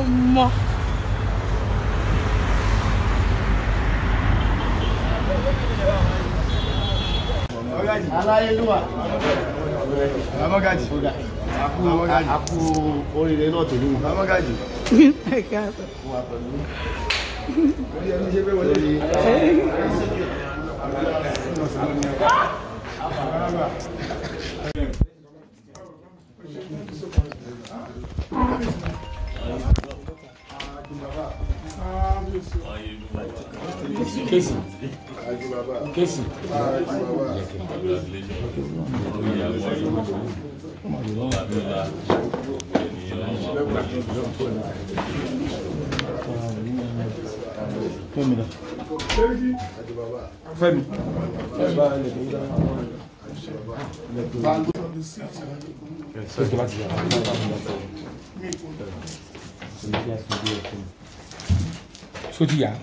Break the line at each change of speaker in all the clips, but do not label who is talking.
ọmọ. aláyélúwà amagaji àkú oríire náà tèmi amagaji. ẹ káàbọ̀. Thank you. kéésì kéésì fẹ́mi fẹ́mi odiar.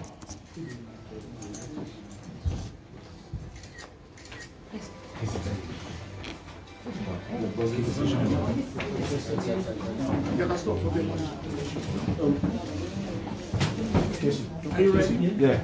Are you ready? Yeah.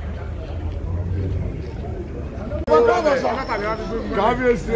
kábíyèsí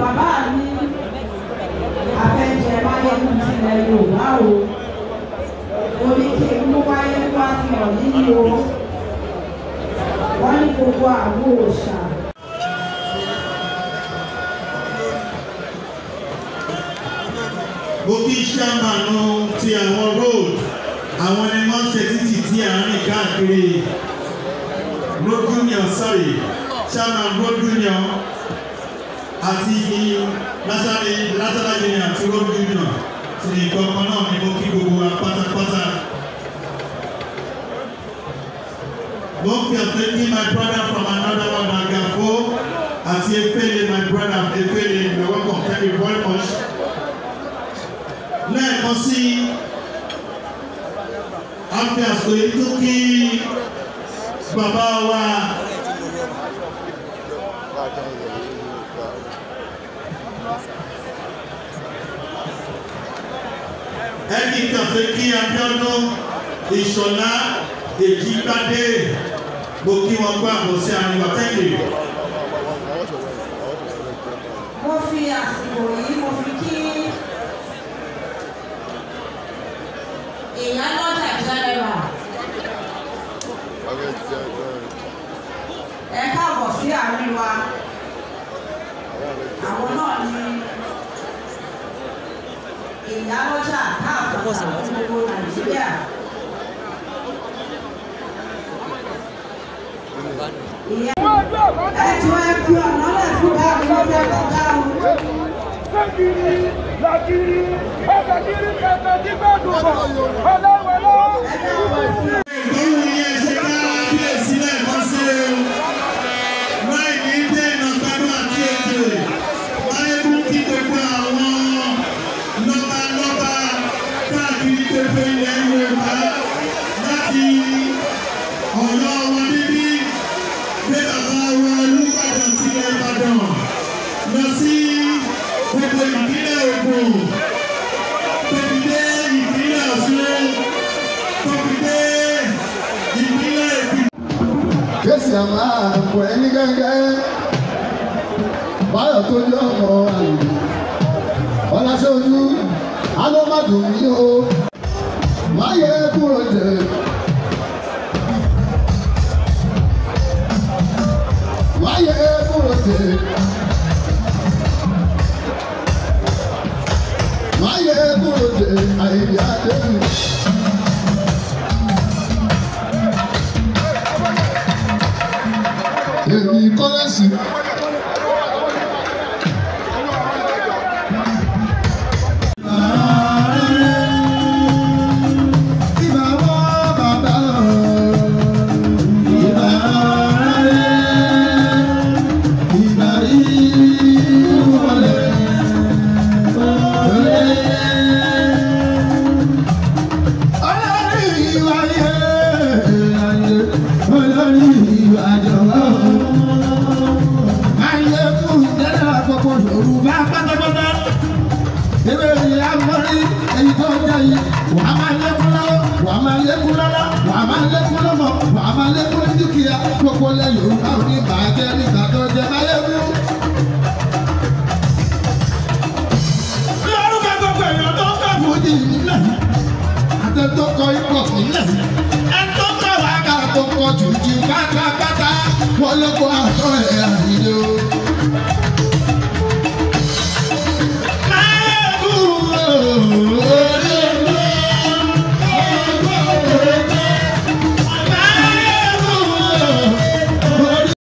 bàbá mi afẹ́jẹ wáyé kù sílẹ̀ Yorùbá o orí kí n mú wáyé wá sí ọ̀yí o wọ́n ní gbogbo àgbo òòṣà. mo kí sàmánú ti àwọn road àwọn ni wọ́n ṣe títì tí à ń rìn káàkiri road union sorry sàmán road union àti ní national national union àti road union ti ní ìkọ̀ọ̀kan náà ni mo kí gbogbo wa pátápátá. Don't feel taking my brother from another one Agafo àti Efele my brother Efele you welcome thank you very much. Lẹ́ẹ̀kan sí àfi àsìkò yìí tó kí bàbá wa. ẹnì kàfé kí Abíọ́dún Ìṣọ̀lá Dèjì Gbadé mo kí wọn gbọ́ àbòsí àríwá tẹ́lẹ̀. mo fi àsìkò yìí mo fi kí. ìyá lọ́jà káàkiri àti gbogbo nàìjíríà. ẹjọ́ ẹ fi ọ̀nà lẹ̀ fún báàmì lọ́jọ́ tó dáhùn. sẹ́kìrì làkìrì ọ̀gá kìrì kẹ̀kẹ́ tí bá dùn bọ̀. kẹ́kẹ́ báyọ̀ tó jẹ́ ọmọ àlùbí ọ̀làṣẹ́ ojú alọ́mọdún mi o máyé kúrò jẹ. máyé kúrò jẹ. máyé kúrò jẹ àyè àdéhùn. see lẹ̀ Yorùbá oníbàjẹ́ nígbà tó jẹ báyé mú. ní orúkọ gbogbo èèyàn tó ń kọ́ fújì nílẹ̀ àtẹ̀tọ́ kọ ipò nílẹ̀ pátápátá wọ́n ló àtọ́ ẹ̀ àyè o.